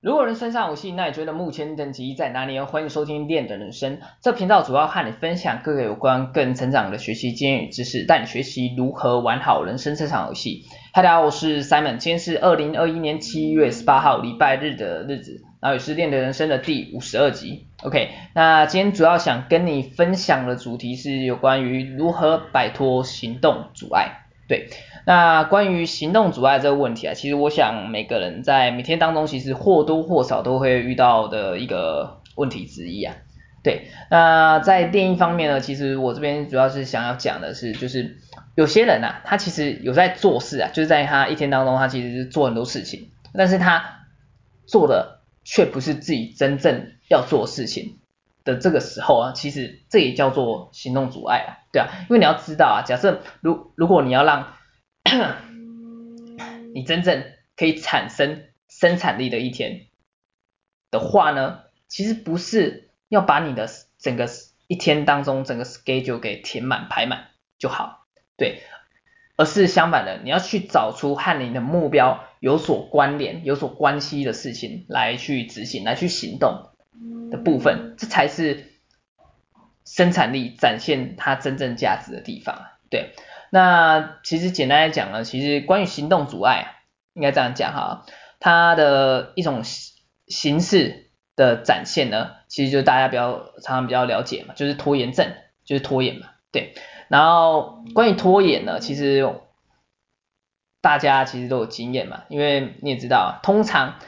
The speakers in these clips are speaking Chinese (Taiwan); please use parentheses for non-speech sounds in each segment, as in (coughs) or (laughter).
如果人生上遊戲，那你覺得目前等級在哪裡？歡迎收聽《練的人生》這頻道，主要和你分享各個有關個人成長的學習經驗與知識，帶你學習如何玩好人生這場遊戲。h e 大家好，我是 Simon，今天是二零二一年七月十八號禮拜日的日子，然後也是《練的人生》的第五十二集。OK，那今天主要想跟你分享的主題是有關於如何擺脫行動阻礙。對，那關於行動阻礙這個問題啊，其實我想每個人在每天當中，其實或多或少都會遇到的一個問題之一啊。對，那在另一方面呢，其實我這邊主要是想要講的是，就是有些人啊，他其實有在做事啊，就是在他一天當中，他其實是做很多事情，但是他做的卻不是自己真正要做的事情。的這個時候啊，其實這也叫做行動阻礙啊，對啊，因為你要知道啊，假設如果如果你要讓你真正可以產生生產力的一天的話呢，其實不是要把你的整個一天當中整個 schedule 給填滿排滿就好，對，而是相反的，你要去找出和你的目標有所關聯、有所關係的事情來去執行、來去行動的部分，這才是生產力展現它真正價值的地方，對，那其實簡單來講呢，其實關於行動阻礙啊，應該這樣講哈啊，它的一種形式的展現呢，其實就大家比較常常比較了解嘛，就是拖延症，就是拖延嘛。對，然後關於拖延呢，其實大家其實都有經驗嘛，因為你也知道啊，通常。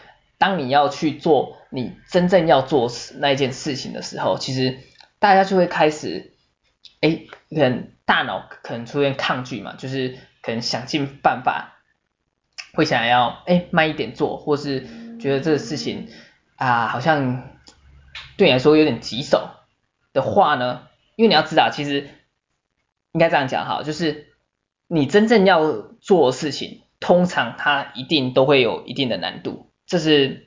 當你要去做你真正要做那件事情的時候，其實大家就會開始，哎，人大腦可能出現抗拒嘛，就是可能想盡辦法會想要哎慢一點做，或是覺得這個事情啊好像對你來說有點棘手的話呢，因為你要知道，其實應該這樣講哈，就是你真正要做的事情，通常它一定都會有一定的難度。這是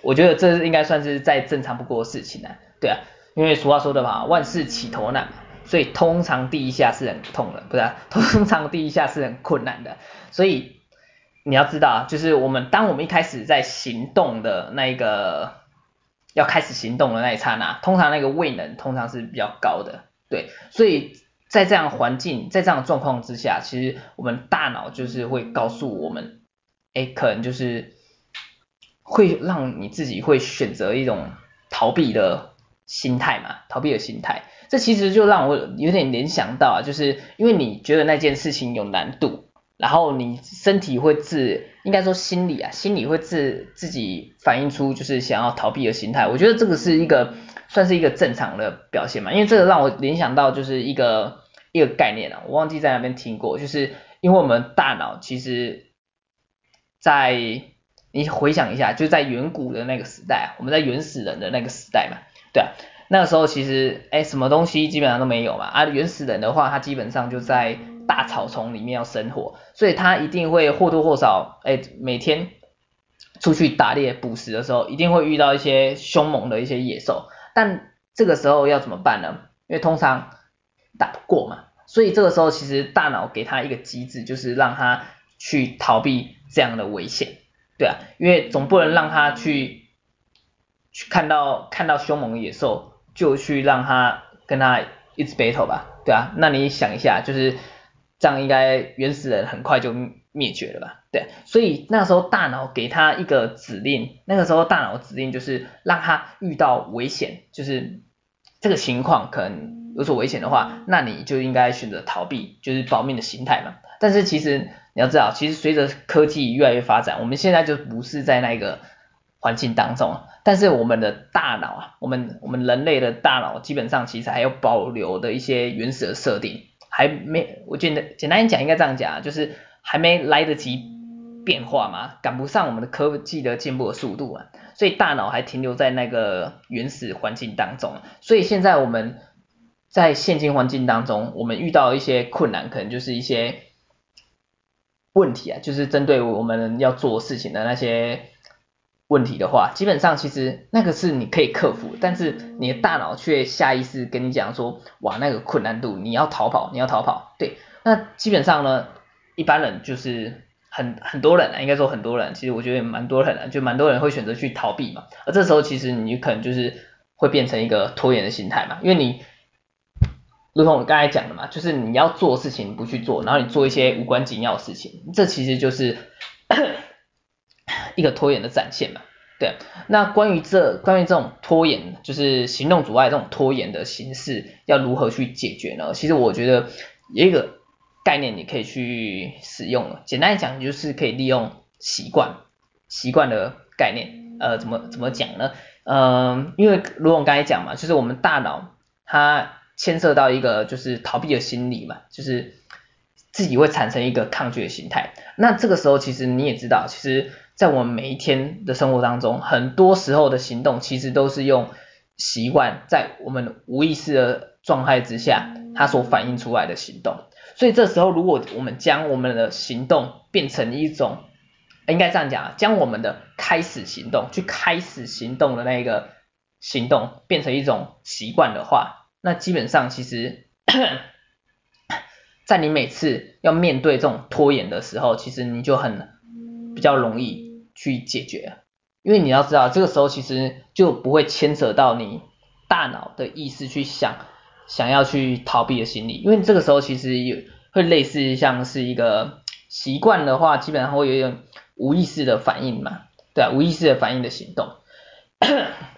我覺得這應該算是再正常不過的事情了，對啊，因為俗話說的嘛，萬事起頭難，所以通常第一下是很痛的，不是，啊？通常第一下是很困難的，所以你要知道啊，就是我們當我們一開始在行動的那一個，要開始行動的那一剎那，通常那個位能通常是比較高的，對，所以在這樣環境，在這樣狀況之下，其實我們大腦就是會告訴我們。誒，可能就是會讓你自己會選擇一種逃避的心態嘛，逃避的心態。這其實就讓我有點聯想到啊，就是因為你覺得那件事情有難度，然後你身體會自，應該說心理啊，心理會自自己反映出就是想要逃避的心態。我覺得這個是一個算是一個正常的表現嘛，因為這個讓我聯想到就是一個一個概念啊，我忘記在哪邊聽過，就是因為我們大腦其實。在你回想一下，就在遠古的那個時代，我們在原始人的那個時代嘛，對啊，那個時候其實哎、欸、什麼東西基本上都沒有嘛啊，原始人的話他基本上就在大草叢裡面要生活，所以他一定會或多或少哎、欸、每天出去打獵捕食的時候，一定會遇到一些凶猛的一些野獸，但這個時候要怎麼辦呢？因為通常打不過嘛，所以這個時候其實大腦給他一個機制，就是讓他去逃避。這樣的危險，對啊，因為總不能讓他去去看到看到兇猛的野獸，就去讓他跟他一直 battle 吧，對啊，那你想一下，就是這樣，應該原始人很快就滅絕了吧，對啊，所以那時候大腦給他一個指令，那個時候大腦指令就是讓他遇到危險，就是這個情況可能有所危險的話，那你就應該選擇逃避，就是保命的心態嘛，但是其實。你要知道，其實隨着科技越來越發展，我們現在就不是在那個環境當中。但是我們的大腦啊，我們我們人類的大腦基本上其實還有保留的一些原始的設定，還沒。我覺得簡單一講，應該這樣講，就是還沒來得及變化嘛，趕不上我們的科技的進步的速度啊，所以大腦還停留在那個原始環境當中。所以現在我們在現今環境當中，我們遇到一些困難，可能就是一些。問題啊，就是針對我們要做事情的那些問題的話，基本上其實那個是你可以克服，但是你的大腦卻下意識跟你講說，哇，那個困難度，你要逃跑，你要逃跑，對，那基本上呢，一般人就是很很多人啊，應該說很多人，其實我覺得蠻多人啊，就蠻多人會選擇去逃避嘛，而這時候其實你可能就是會變成一個拖延的心態嘛，因為你。如同我剛才講的嘛，就是你要做事情不去做，然後你做一些無關緊要的事情，這其實就是一個拖延的展現嘛。對，那關於這關於這種拖延，就是行動阻礙這種拖延的形式，要如何去解決呢？其實我覺得有一個概念你可以去使用了，簡單講就是可以利用習慣習慣的概念。呃，怎麼怎麼講呢？嗯、呃，因為如同我剛才講嘛，就是我們大腦它。牽涉到一個就是逃避的心理嘛，就是自己會產生一個抗拒的心態。那這個時候，其實你也知道，其實，在我們每一天的生活當中，很多時候的行動其實都是用習慣在我們無意識的狀態之下，它所反映出來的行動。所以這時候，如果我們將我們的行動變成一種，應該這樣講，將我們的開始行動去開始行動的那個行動變成一種習慣的話。那基本上，其實，在你每次要面對這種拖延的時候，其實你就很比較容易去解決，因為你要知道，這個時候其實就不會牽扯到你大腦的意識去想想要去逃避的心理，因為這個時候其實有會類似像是一個習慣的話，基本上會有一種無意識的反應嘛，對啊，無意識的反應的行動。 (coughs)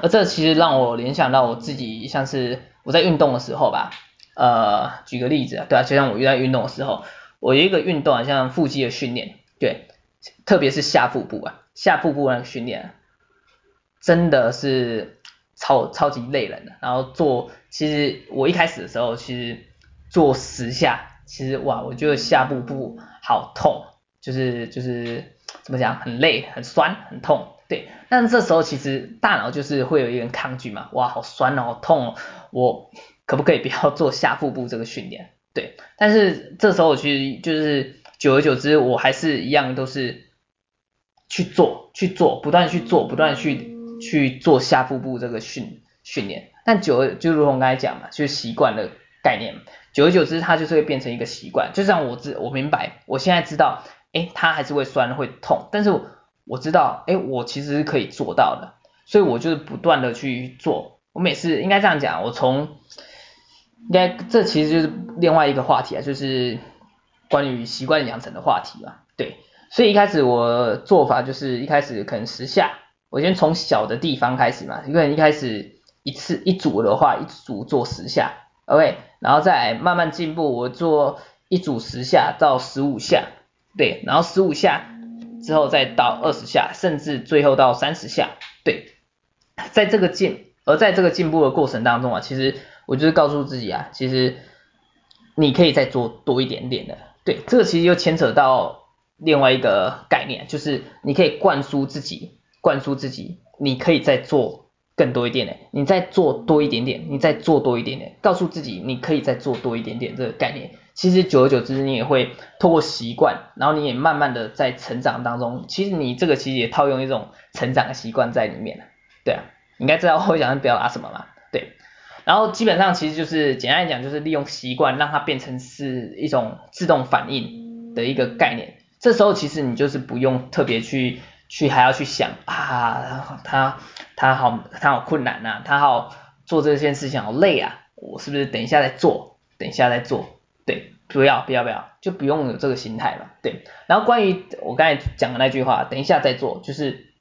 而這其實讓我聯想到我自己，像是我在運動的時候吧，呃，舉個例子啊，對啊，就像我原來運動的時候，我有一個運動啊，像腹肌的訓練，對，特別是下腹部啊，下腹部那個訓練啊，真的是超超級累人的。然後做，其實我一開始的時候，其實做十下，其實哇，我覺得下腹部好痛，就是就是怎麼講，很累、很痠、很痛。對，但這時候其實大腦就是會有一點抗拒嘛，哇，好酸啊、哦，好痛哦，我可不可以不要做下腹部這個訓練？對，但是這時候我其實就是久而久之，我還是一樣都是去做、去做、不斷去做、不斷去去做下腹部這個訓訓練。但久而就如同剛才講嘛，就是習慣的概念，久而久之它就是會變成一個習慣。就像我知我明白，我現在知道，誒，它還是會酸、會痛，但是我。我知道，哎，我其實是可以做到的，所以我就是不斷的去做。我每次應該這樣講，我從，應該這其實就是另外一個話題啊，就是關於習慣養成的話題嘛，對。所以一開始我做法就是，一開始可能十下，我先從小的地方開始嘛，因為一開始一次一組的話，一組做十下，OK，然後再慢慢進步，我做一組十下到十五下，對，然後十五下。之後再到二十下，甚至最後到三十下，對，在這個進，而在這個進步的過程當中啊，其實我就是告訴自己啊，其實你可以再做多一點點的，對，這個其實又牽扯到另外一個概念，就是你可以灌輸自己，灌輸自己，你可以再做更多一點的，你再做多一點點，你再做多一點點，告訴自己你可以再做多一點點這個概念。其實久而久之，你也會透過習慣，然後你也慢慢的在成長當中，其實你這個其實也套用一種成長的習慣在裡面，對啊，你應該知道我想表達什麼嘛，對，然後基本上其實就是簡單來講，就是利用習慣讓它變成是一種自動反應的一個概念，這時候其實你就是不用特別去去還要去想啊，他他好他好困難吶、啊，他好做這件事情好累啊，我是不是等一下再做，等一下再做，對。不要不要不要，就不用有這個心態了。對，然後關於我剛才講的那句話，等一下再做，就是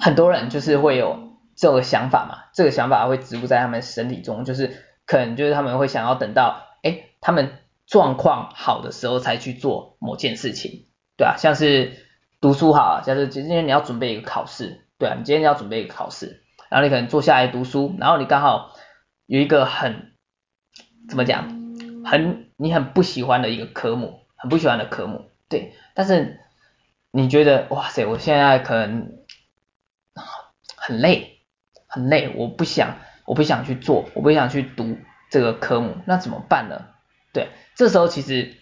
很多人就是會有這個想法嘛，這個想法會植入在他們身體中，就是可能就是他們會想要等到哎他們狀況好的時候才去做某件事情，對啊，像是讀書好，像是今天你要準備一個考試，對啊，你今天要準備一個考試，然後你可能坐下來讀書，然後你剛好有一個很怎麼講，很。你很不喜歡的一個科目，很不喜歡的科目，對。但是你覺得，哇塞，我現在可能很累，很累，我不想，我不想去做，我不想去讀這個科目，那怎麼辦呢？對，這時候其實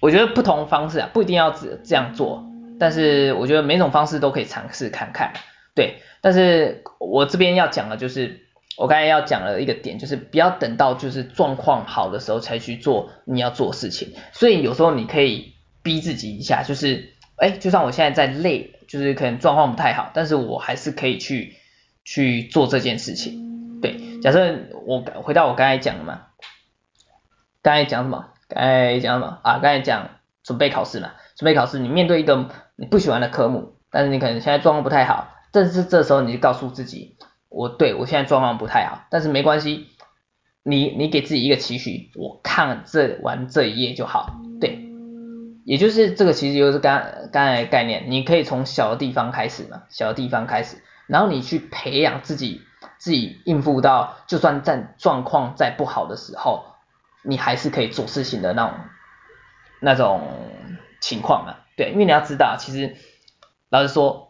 我覺得不同方式啊，不一定要只這樣做，但是我覺得每種方式都可以嘗試看看，對。但是我這邊要講的就是。我剛才要講的一個點就是，不要等到就是狀況好的時候才去做你要做的事情。所以有時候你可以逼自己一下，就是，誒、欸，就算我現在在累，就是可能狀況不太好，但是我還是可以去去做這件事情。對，假設我回到我剛才講的嘛，剛才講什麼？剛才講什麼啊？剛才講準備考試嘛？準備考試，你面對一個你不喜歡的科目，但是你可能現在狀況不太好，但是這時候你就告訴自己。我對我現在狀況不太好，但是沒關係，你你給自己一個期許，我看這完這一頁就好，對，也就是這個其實就是剛剛才的概念，你可以從小的地方開始嘛，小的地方開始，然後你去培養自己自己應付到，就算在狀況再不好的時候，你還是可以做事情的那種那種情況嘛，對，因為你要知道，其實老實說。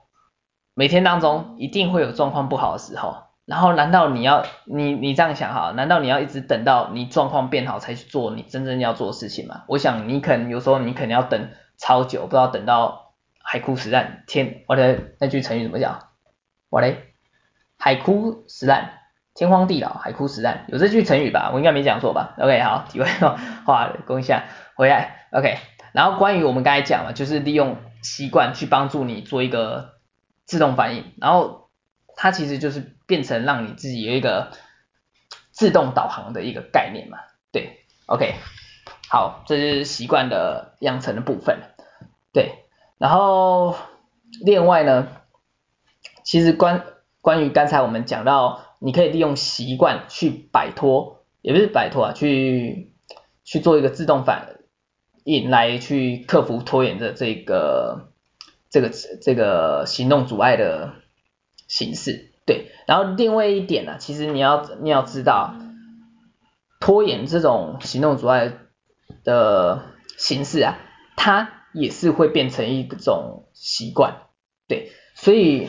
每天當中一定會有狀況不好的時候，然後難道你要你你這樣想哈？難道你要一直等到你狀況變好才去做你真正要做的事情嗎？我想你可能有時候你可能要等超久，不知道等到海枯石爛天，哇咧，那句成語怎麼講？哇咧，海枯石爛，天荒地老，海枯石爛，有這句成語吧？我應該沒講錯吧？OK，好體會哦，哇，恭一下回來 OK。然後關於我們剛才講嘛，就是利用習慣去幫助你做一個。自動反應，然後它其實就是變成讓你自己有一個自動導航的一個概念嘛，對，OK，好，這是習慣的養成的部分，對，然後另外呢，其實關關於剛才我們講到，你可以利用習慣去擺脫，也不是擺脫啊，去去做一個自動反應來去克服拖延的這個。這個這個行動阻礙的形式，對，然後另外一點呢、啊，其實你要你要知道，拖延這種行動阻礙的形式啊，它也是會變成一種習慣，對，所以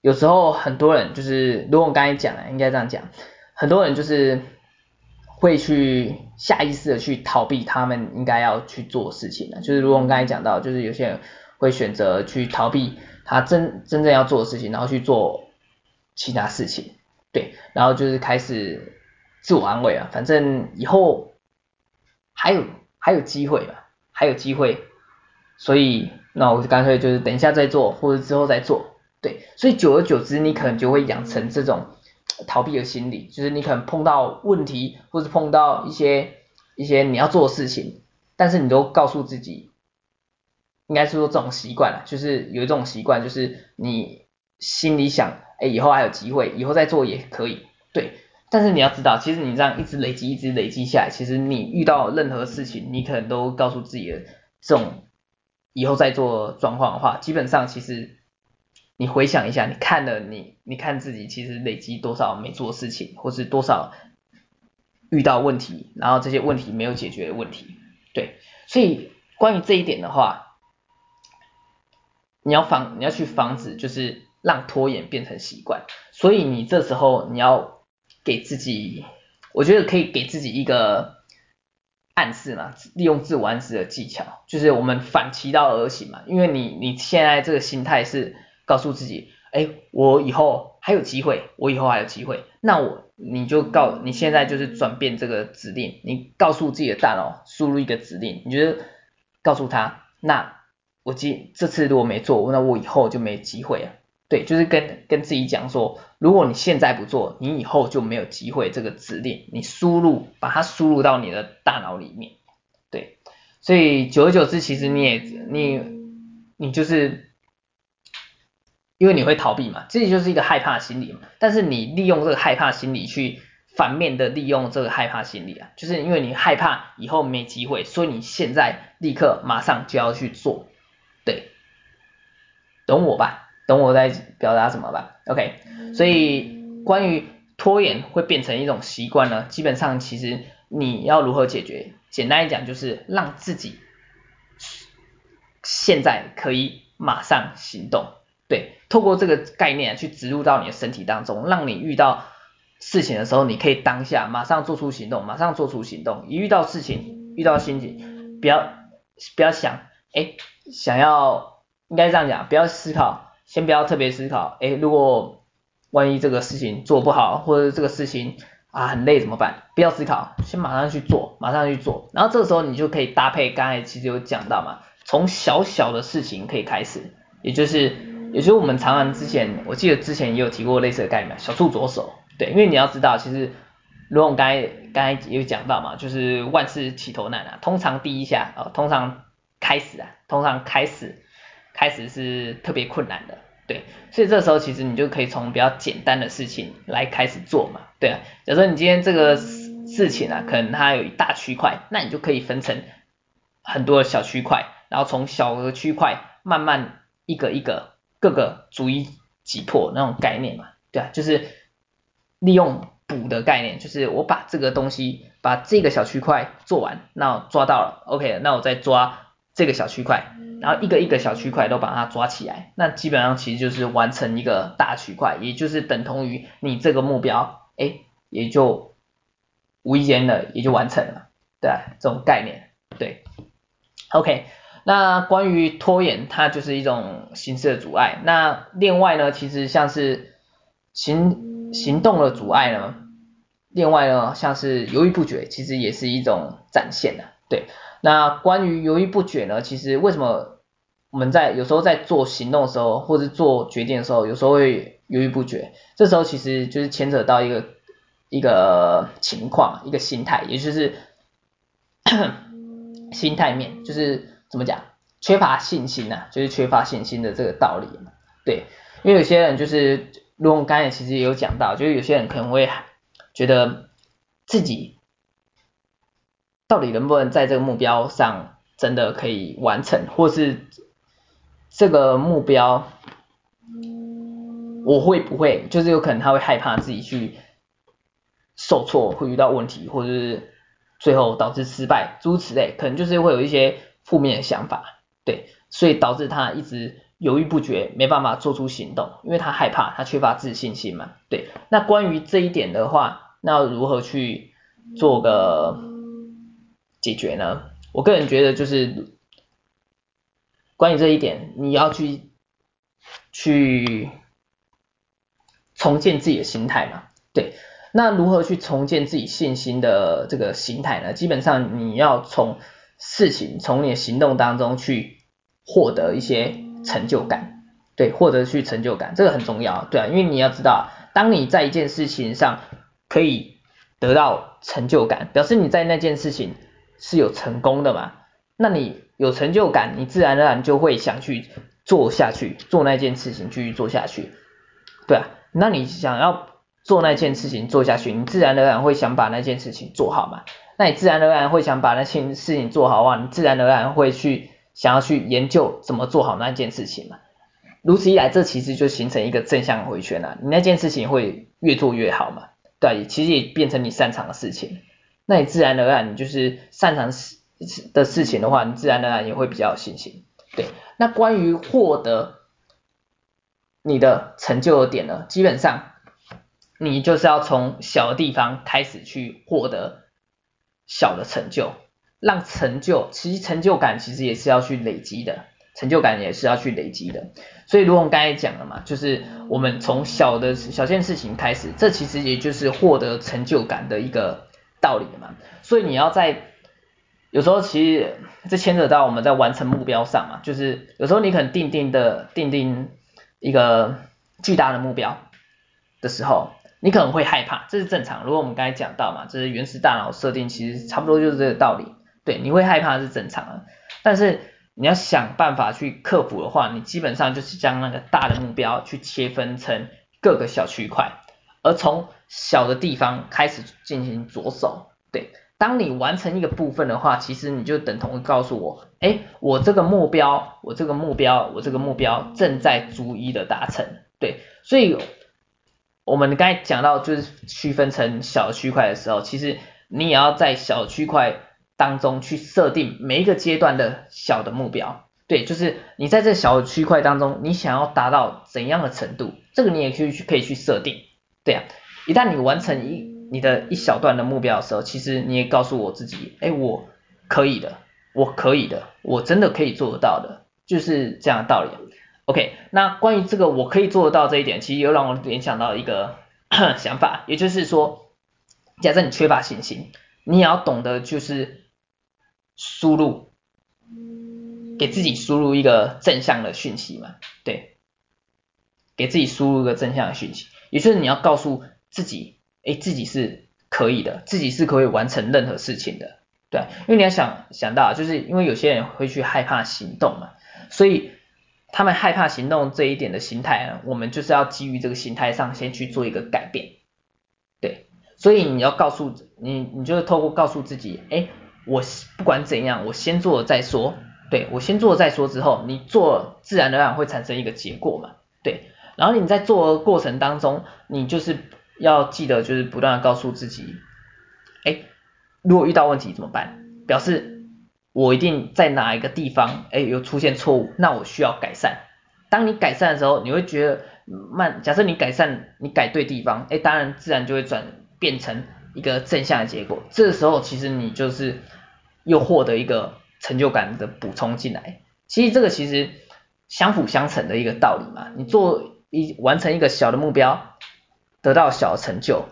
有時候很多人就是，如果我剛才講了，應該這樣講，很多人就是會去下意識的去逃避他們應該要去做事情的，就是如果我們剛才講到，就是有些人。會選擇去逃避他真真正要做的事情，然後去做其他事情，對，然後就是開始自我安慰啊，反正以後還有還有機會嘛，還有機會，所以那我就乾脆就是等一下再做，或者之後再做，對，所以久而久之，你可能就會養成這種逃避的心理，就是你可能碰到問題，或者碰到一些一些你要做的事情，但是你都告訴自己。應該是說這種習慣啦，就是有一種習慣，就是你心裡想，哎，以後還有機會，以後再做也可以，對。但是你要知道，其實你這樣一直累積，一直累積下來，其實你遇到任何事情，你可能都告訴自己的這種以後再做狀況的話，基本上其實你回想一下，你看了你你看自己其實累積多少沒做的事情，或是多少遇到問題，然後這些問題沒有解決的問題，對。所以關於這一點的話，你要防，你要去防止，就是讓拖延變成習慣。所以你這時候你要給自己，我覺得可以給自己一個暗示嘛，利用自我暗示的技巧，就是我們反其道而行嘛。因為你你現在這個心態是告訴自己，哎、欸，我以後還有機會，我以後還有機會。那我你就告你現在就是轉變這個指令，你告訴自己的大腦輸入一個指令，你就告訴他那。我今這次如果沒做，那我以後就沒機會了。對，就是跟跟自己講說，如果你現在不做，你以後就沒有機會。這個指令你輸入，把它輸入到你的大腦裡面。對，所以久而久之，其實你也你你就是，因為你會逃避嘛，自己就是一個害怕心理嘛。但是你利用這個害怕心理去反面的利用這個害怕心理啊，就是因為你害怕以後沒機會，所以你現在立刻馬上就要去做。對，懂我吧，懂我在表達什麼吧，OK。所以關於拖延會變成一種習慣呢，基本上其實你要如何解決，簡單一講就是讓自己現在可以馬上行動，對，透過這個概念去植入到你的身體當中，讓你遇到事情的時候，你可以當下馬上做出行動，馬上做出行動。一遇到事情，遇到心情，不要不要想，哎、欸。想要，應該這樣講，不要思考，先不要特別思考。哎、欸，如果萬一這個事情做不好，或者這個事情啊很累怎麼辦？不要思考，先馬上去做，馬上去做。然後這個時候你就可以搭配剛才其實有講到嘛，從小小的事情可以開始，也就是也就是我們常常之前，我記得之前也有提過類似的概念，小處着手。對，因為你要知道，其實如果我剛才剛才有講到嘛，就是萬事起頭難啊，通常第一下啊、哦，通常，開始啊，通常開始開始是特別困難的，對，所以這時候其實你就可以從比較簡單的事情來開始做嘛，對啊，假如說你今天這個事情啊，可能它有一大區塊，那你就可以分成很多小區塊，然後從小的區塊慢慢一個一個各個逐一擊破那種概念嘛，對啊，就是利用補的概念，就是我把這個東西，把這個小區塊做完，那我抓到了，OK，那我再抓這個小區塊，然後一個一個小區塊都把它抓起來，那基本上其實就是完成一個大區塊，也就是等同於你這個目標，哎，也就無意間了，也就完成了，對啊，這種概念，對。OK，那關於拖延，它就是一種形式的阻礙。那另外呢，其實像是行行動的阻礙呢，另外呢像是猶豫不決，其實也是一種展現的。對，那關於猶豫不決呢？其實為什麼我們在有時候在做行動的時候，或者做決定的時候，有時候會猶豫不決？這時候其實就是牽扯到一個一個情況，一個心態，也就是心態面，就是怎麼講，缺乏信心啊，就是缺乏信心的這個道理。對，因為有些人就是，如我們剛才其實也有講到，就是有些人可能會覺得自己。到底能不能在這個目標上真的可以完成，或是這個目標，我會不會就是有可能他會害怕自己去受挫，會遇到問題，或者是最後導致失敗，諸如此類，可能就是會有一些負面的想法，對，所以導致他一直猶豫不決，沒辦法做出行動，因為他害怕，他缺乏自信心嘛，對。那關於這一點的話，那如何去做個？解決呢？我個人覺得就是關於這一點，你要去去重建自己的心態嘛。對，那如何去重建自己信心的這個心態呢？基本上你要從事情、從你的行動當中去獲得一些成就感。對，獲得去成就感這個很重要。對啊，因為你要知道，當你在一件事情上可以得到成就感，表示你在那件事情。是有成功的嘛。那你有成就感，你自然而然就會想去做下去，做那件事情繼續做下去，對啊。那你想要做那件事情做下去，你自然而然會想把那件事情做好嘛。那你自然而然會想把那件事情做好啊，你自然而然會去想要去研究怎麼做好那件事情嘛。如此一來，這其實就形成一個正向回圈了，你那件事情會越做越好嘛。對啊，其實也變成你擅長的事情。那你自然而然你就是擅長事的事事情的話，你自然而然也會比較有信心。對，那關於獲得你的成就的點呢，基本上你就是要從小的地方開始去獲得小的成就，讓成就其實成就感其實也是要去累積的，成就感也是要去累積的。所以如果我們剛才講了嘛，就是我們從小的小件事情開始，這其實也就是獲得成就感的一個道理的嘛，所以你要在有時候其實這牽扯到我們在完成目標上嘛，就是有時候你可能定定的定定一個巨大的目標的時候，你可能會害怕，這是正常。如果我們剛才講到嘛，這是原始大腦設定，其實差不多就是這個道理。對，你會害怕是正常的，但是你要想辦法去克服的話，你基本上就是將那個大的目標去切分成各個小區塊。而從小的地方開始進行着手，對，當你完成一個部分的話，其實你就等同於告訴我，哎，我這個目標，我這個目標，我這個目標正在逐一的達成，對，所以，我們剛才講到就是區分成小區塊的時候，其實你也要在小區塊當中去設定每一個階段的小的目標，對，就是你在這小區塊當中，你想要達到怎樣的程度，這個你也可以去可以去設定。啊、一旦你完成一你的一小段的目標的時候，其實你也告訴我自己，哎，我可以的，我可以的，我真的可以做得到的，就是這樣的道理。OK，那關於這個我可以做得到這一點，其實又讓我聯想到一個想法，也就是說，假設你缺乏信心，你也要懂得就是輸入，給自己輸入一個正向的訊息嘛，對，給自己輸入一個正向的訊息。也就是你要告訴自己，誒，自己是可以的，自己是可以完成任何事情的，對啊，因為你要想想到，就是因為有些人會去害怕行動嘛，所以他們害怕行動這一點的心態啊，我們就是要基於這個心態上先去做一個改變，對，所以你要告訴你，你就是透過告訴自己，哎，我不管怎樣，我先做了再說，對，我先做了再說之後，你做自然而然會產生一個結果嘛，對。然後你在做的過程當中，你就是要記得，就是不斷的告訴自己，哎，如果遇到問題怎麼辦？表示我一定在哪一個地方，哎，有出現錯誤，那我需要改善。當你改善的時候，你會覺得慢。假設你改善，你改對地方，哎，當然自然就會轉變成一個正向的結果。這個時候其實你就是又獲得一個成就感的補充進來。其實這個其實相輔相成的一個道理嘛，你做。一完成一個小的目標，得到小的成就，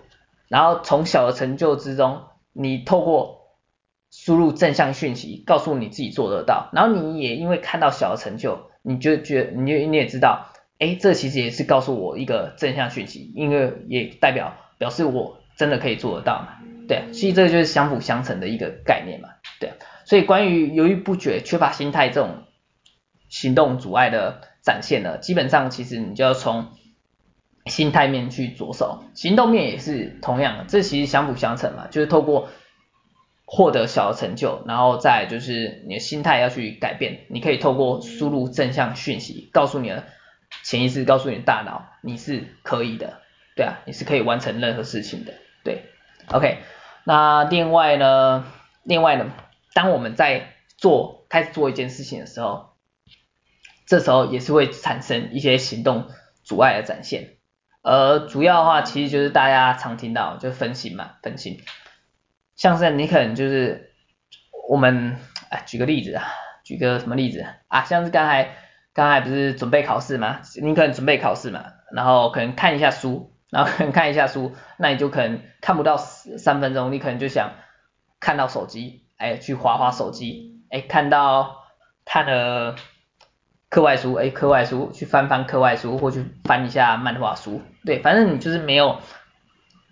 然後從小的成就之中，你透過輸入正向訊息，告訴你自己做得到，然後你也因為看到小的成就，你就覺得，你就你也知道，哎、欸，這個其實也是告訴我一個正向訊息，因為也代表表示我真的可以做得到嘛，對，其實這個就是相輔相成的一個概念嘛，對，所以關於猶豫不決、缺乏心態這種行動阻礙的。展現了基本上，其實你就要從心態面去着手，行動面也是同樣的，這其實相輔相成嘛，就是透過獲得小的成就，然後再就是你的心態要去改變，你可以透過輸入正向訊息，告訴你的潛意識，告訴你的大腦你是可以的，對啊，你是可以完成任何事情的，對，OK，那另外呢，另外呢，當我們在做開始做一件事情的時候，這時候也是會產生一些行動阻礙的展現，而、呃、主要的話其實就是大家常聽到就分心嘛，分心，像是你可能就是我們哎舉個例子啊，舉個什麼例子啊？像是剛才剛才不是準備考試嘛，你可能準備考試嘛，然後可能看一下書，然後可能看一下書，那你就可能看不到三分鐘，你可能就想看到手機，哎，去滑滑手機，哎，看到看了。課外書，哎，課外書，去翻翻課外書，或去翻一下漫畫書，對，反正你就是沒有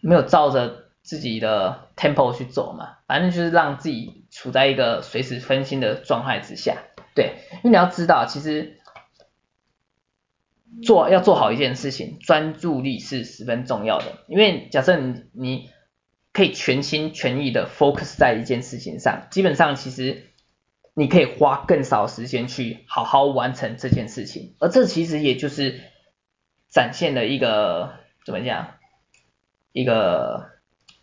沒有照着自己的 tempo 去走嘛，反正就是讓自己處在一個隨時分心的狀態之下，對，因為你要知道，其實做要做好一件事情，專注力是十分重要的，因為假設你，你可以全心全意的 focus 在一件事情上，基本上其實。你可以花更少時間去好好完成這件事情，而這其實也就是展現了一個怎麼講？一個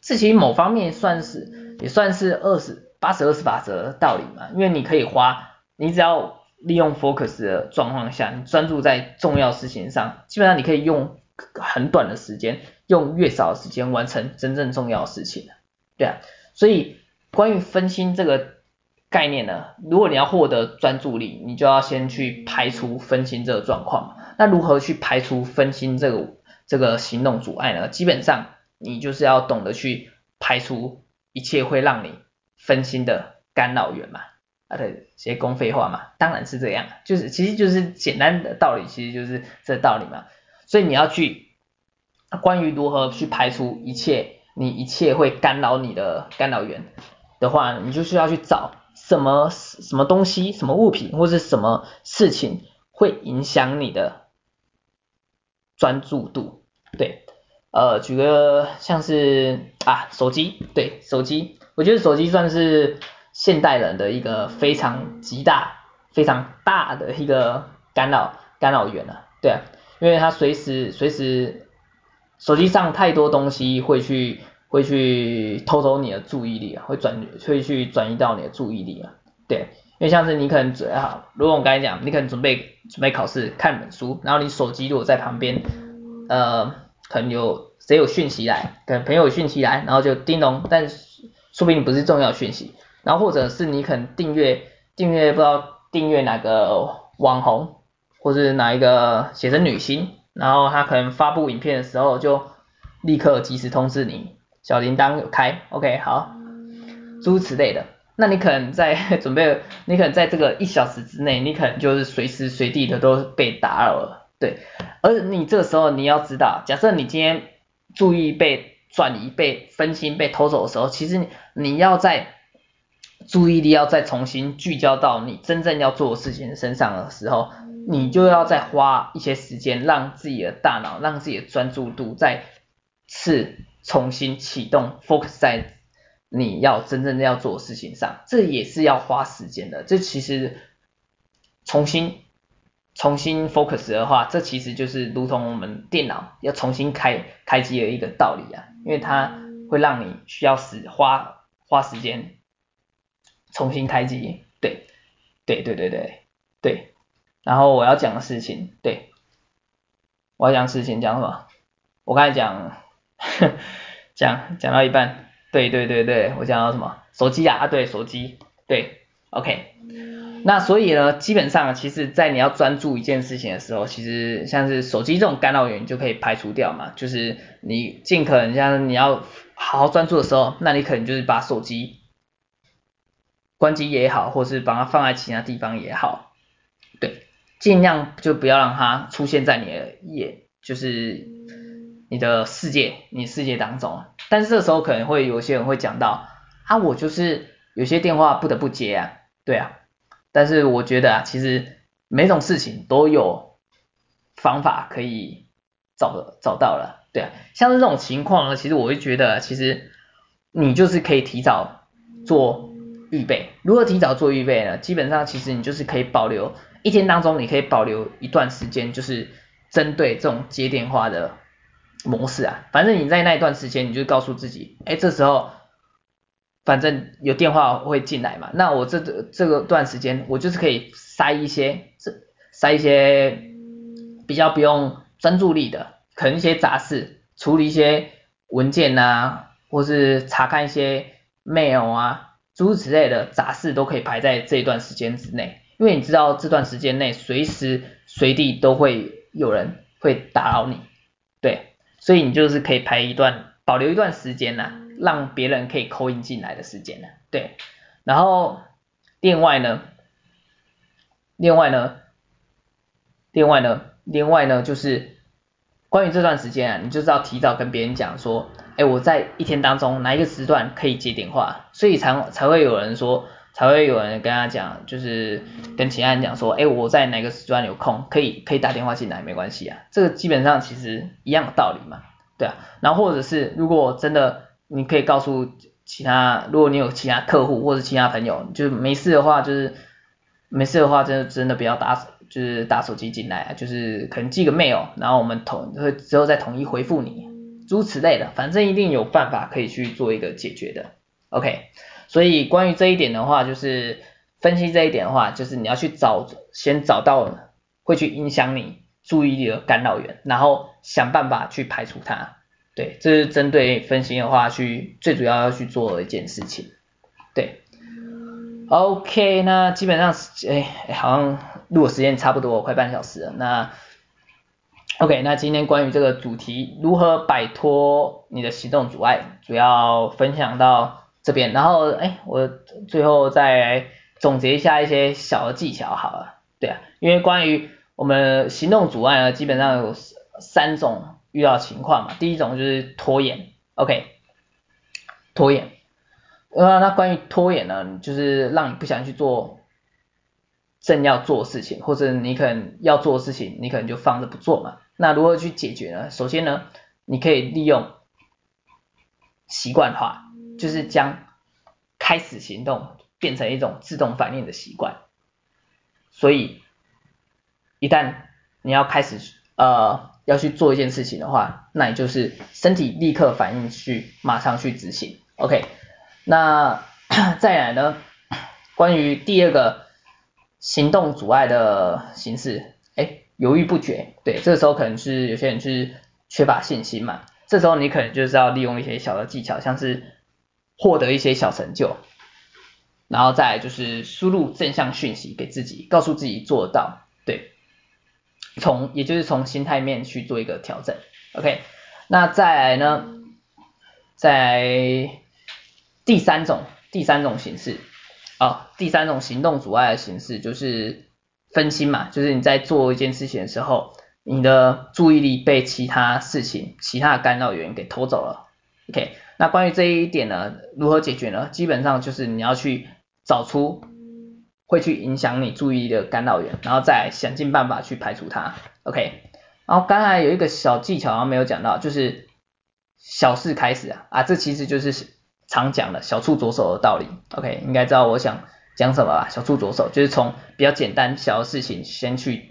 這其實某方面算是也算是二十八十二十法則的道理嘛，因為你可以花，你只要利用 focus 的狀況下，你專注在重要事情上，基本上你可以用很短的時間，用越少的時間完成真正重要的事情。對啊，所以關於分心這個。概念呢？如果你要獲得專注力，你就要先去排除分心這個狀況嘛。那如何去排除分心這個這個行動阻礙呢？基本上你就是要懂得去排除一切會讓你分心的干擾源嘛。啊對，些公廢話嘛，當然是這樣，就是其實就是簡單的道理，其實就是這道理嘛。所以你要去關於如何去排除一切，你一切會干擾你的干擾源的話，你就需要去找。什麼什麼東西、什麼物品，或者是什麼事情會影響你的專注度？對，呃，舉個像是啊，手機，對，手機，我覺得手機算是現代人的一個非常極大、非常大的一個干擾干擾源了、啊。對、啊，因為他隨時隨時，隨時手機上太多東西會去。會去偷走你的注意力、啊、會轉會去轉移到你的注意力、啊、對，因為像是你可能準好、啊，如果我剛才講，你可能準備準備考試，看本書，然後你手機如果在旁邊，呃，可能有誰有訊息來，可能朋友有訊息來，然後就叮咚，但說不定不是重要的訊息，然後或者是你可能訂閱訂閱不知道訂閱哪個網紅，或是哪一個寫真女星，然後他可能發布影片的時候就立刻及時通知你。小鈴鐺有開，OK，好，諸如此類的，那你可能在準備，你可能在這個一小時之內，你可能就是隨時隨地的都被打擾了，對。而你這個時候你要知道，假設你今天注意被轉移、被分心、被偷走的時候，其實你你要在注意力要再重新聚焦到你真正要做的事情身上的時候，你就要再花一些時間，讓自己的大腦，讓自己的專注度在。是重新啟動，focus 在你要真正要做的事情上，這也是要花時間的。這其實重新重新 focus 的話，這其實就是如同我們電腦要重新開開機的一個道理啊，因為它會讓你需要時花花時間重新開機。對，對對對對對。然後我要講的事情，對。我要講事情講什麼？我剛才講。講講 (laughs) 到一半，對對對對，我講到什麼？手機啊，啊對，手機，對，OK。那所以呢，基本上，其實，在你要專注一件事情的時候，其實像是手機這種干擾源就可以排除掉嘛。就是你盡可能像你要好好專注的時候，那你可能就是把手機關機也好，或是把它放在其他地方也好，對，盡量就不要讓它出現在你的眼，就是。你的世界，你世界當中，但是這時候可能會有些人會講到啊，我就是有些電話不得不接啊，對啊，但是我覺得啊，其實每種事情都有方法可以找找到了，對啊，像這種情況呢，其實我會覺得，其實你就是可以提早做預備，如何提早做預備呢？基本上其實你就是可以保留，一天當中，你可以保留一段時間，就是針對這種接電話的。模式啊，反正你在那一段時間，你就告訴自己，哎、欸，這時候，反正有電話會進來嘛，那我這這這個段時間，我就是可以塞一些，這塞一些比較不用專注力的，可能一些雜事，處理一些文件啊，或是查看一些 mail 啊，諸如此類的雜事都可以排在這一段時間之內，因為你知道這段時間內隨時隨地都會有人會打擾你，對。所以你就是可以排一段，保留一段時間吶、啊，讓別人可以 call in 進來的時間呢、啊，對。然後另外呢，另外呢，另外呢，另外呢，就是關於這段時間啊，你就是要提早跟別人講說，哎、欸，我在一天當中哪一個時段可以接電話，所以才才會有人說。才會有人跟他講，就是跟其他人講說，哎，我在哪個時段有空，可以可以打電話進來，沒關係啊。這個基本上其實一樣的道理嘛，對啊。然後或者是如果真的，你可以告訴其他，如果你有其他客戶或者其他朋友，就是沒事的話，就是沒事的話，就真的不要打，就是打手機進來啊，就是可能寄個 mail，然後我們統會之後再統一回復你，諸如此類的，反正一定有辦法可以去做一個解決的，OK。所以關於這一點的話，就是分析這一點的話，就是你要去找，先找到會去影響你注意力的干擾源，然後想辦法去排除它。對，這是針對分析的話去最主要要去做的一件事情。對。OK，那基本上，哎、欸欸，好像錄的時間差不多快半小時了。那 OK，那今天關於這個主題，如何擺脫你的行動阻礙，主要分享到。這邊，然後，哎，我最後再總結一下一些小的技巧好了，對啊，因為關於我們行動阻礙呢，基本上有三三種遇到情況嘛，第一種就是拖延，OK，拖延，那、呃、那關於拖延呢，就是讓你不想去做正要做的事情，或者你可能要做的事情，你可能就放着不做嘛，那如何去解決呢？首先呢，你可以利用習慣化。就是將開始行動變成一種自動反應的習慣，所以一旦你要開始呃要去做一件事情的話，那你就是身體立刻反應去馬上去執行。OK，那再來呢，關於第二個行動阻礙的形式，哎，猶豫不決，對，這時候可能是有些人就是缺乏信心嘛，這時候你可能就是要利用一些小的技巧，像是。獲得一些小成就，然後再來，就是輸入正向訊息給自己，告訴自己做到，對，從也就是從心態面去做一個調整，OK，那再來呢，在第三種第三種形式，哦，第三種行動阻礙的形式就是分心嘛，就是你在做一件事情的時候，你的注意力被其他事情、其他干擾源給偷走了，OK。那、啊、關於這一點呢，如何解決呢？基本上就是你要去找出會去影響你注意的干擾源，然後再想盡辦法去排除它。OK，然後剛才有一個小技巧沒有講到，就是小事開始啊啊，這其實就是常講的小處着手的道理。OK，應該知道我想講什麼吧？小處着手就是從比較簡單小的事情先去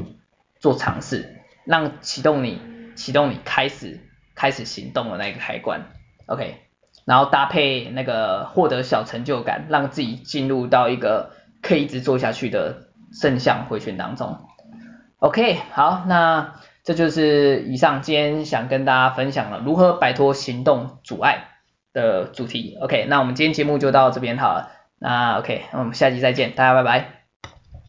做嘗試，讓啟動你啟動你開始開始行動的那個開關。OK。然後搭配那個獲得小成就感，讓自己進入到一個可以一直做下去的正向回旋當中。OK，好，那這就是以上今天想跟大家分享了如何擺脫行動阻礙的主題。OK，那我們今天節目就到這邊好了。那 OK，那我們下集再見，大家拜拜。